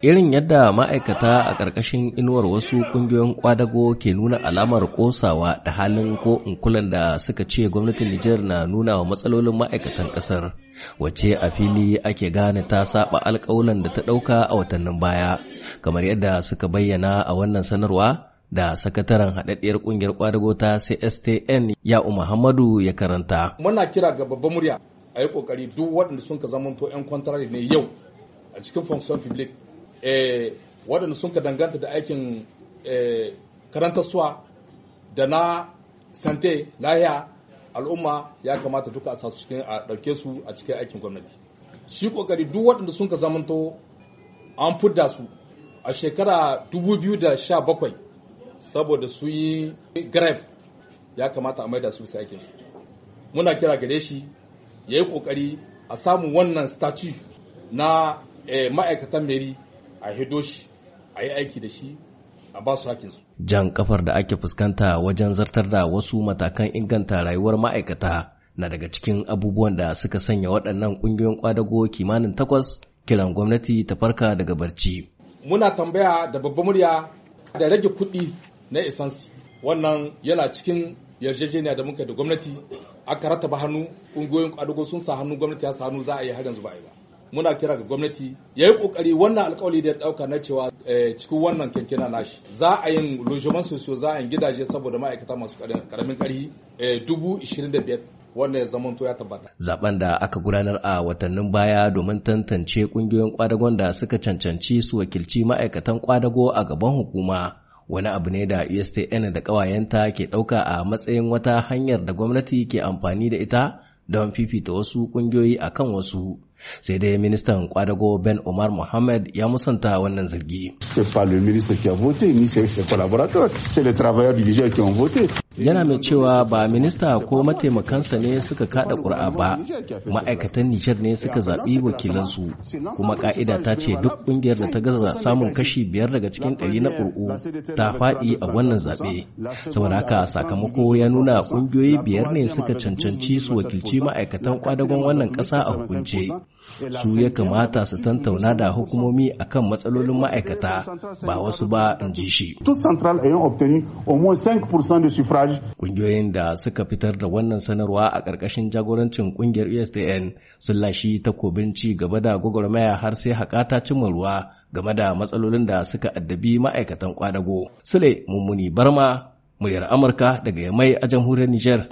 Irin yadda ma'aikata a ƙarƙashin inuwar wasu ƙungiyoyin ƙwadago ke nuna alamar ƙosawa da halin ko inkulan da suka ce gwamnatin Nijar na nuna wa matsalolin ma'aikatan ƙasar, wacce a fili ake gane ta saba alƙawulan da ta ɗauka a watannin baya, kamar yadda suka bayyana a wannan sanarwa da sakataren haɗaɗɗiyar ƙungiyar kwadago ta CSTN Ya'u Muhammadu ya karanta. Muna kira ga babban murya a yi ƙoƙari duk waɗanda sun ka zamanto 'yan kwantarari ne yau a cikin fonction public eh, waɗanda sun ka danganta da aikin eh, karanta suwa da na sante lahiya al'umma ya kamata duka a sa su cikin a ɗauke su a cikin aikin gwamnati. Shi ƙoƙari duk waɗanda sun ka zamanto an fudda su a shekara 2017 saboda su yi grave ya kamata a maida su sai ake su muna kira gare shi ya yi kokari a samu wannan statue na eh, ma'aikatan meri a hido shi a yi aiki da shi a ba su hakinsu. Jan kafar da ake fuskanta wajen zartar da wasu matakan inganta rayuwar ma'aikata na daga cikin abubuwan da suka sanya waɗannan ƙungiyoyin ƙwadago kimanin takwas kiran gwamnati ta farka daga barci. Muna tambaya da babban murya da rage kuɗi na isansi wannan yana cikin yarjejeniya da muka da gwamnati aka rataba hannu ƙungiyoyin kwadugo sun sa hannu gwamnati ya sa hannu za a yi har yanzu ba a yi ba muna kira ga gwamnati ya yi kokari wannan alkawali da ya dauka na cewa eh, cikin wannan na nashi za a yin lojoman sosiyo za a yin gidaje saboda ma'aikata masu karamin karhi eh, dubu ishirin da biyar wannan ya zamanto ya tabbata. Zaben da aka gudanar a watannin baya domin tantance kungiyoyin kwadagon da suka cancanci su wakilci ma'aikatan kwadago a gaban hukuma wani abu ne da USTN e da ƙawayenta ke ɗauka a matsayin wata hanyar da gwamnati ke amfani da ita don fifita wasu ƙungiyoyi a kan wasu sai dai ministan kwadago ben omar mohamed ya musanta wannan zargi yana mai cewa ba minista ko mataimakansa ne suka kada ƙuri'a ba ma'aikatan nijar ne suka zaɓi wakilansu kuma ka'ida ta ce duk ƙungiyar da ta gaza samun kashi biyar daga cikin ɗari na ƙur'u ta faɗi a wannan zaɓe saboda haka sakamako ya nuna ƙungiyoyi biyar ne suka cancanci su wakilci ma'aikatan kwadagon wannan ƙasa a hukunce su ya kamata su tantauna da hukumomi akan matsalolin ma'aikata ba wasu ba in ji shi. Ƙungiyoyin da suka fitar da wannan sanarwa a ƙarƙashin jagorancin ƙungiyar USDN e sun lashi takobin ci gaba da gwagwarmaya har sai haƙata cimma ruwa game da matsalolin da suka addabi ma'aikatan kwadago. Sule Mummuni Barma, muryar Amurka daga Yamai a jamhuriyar Nijar.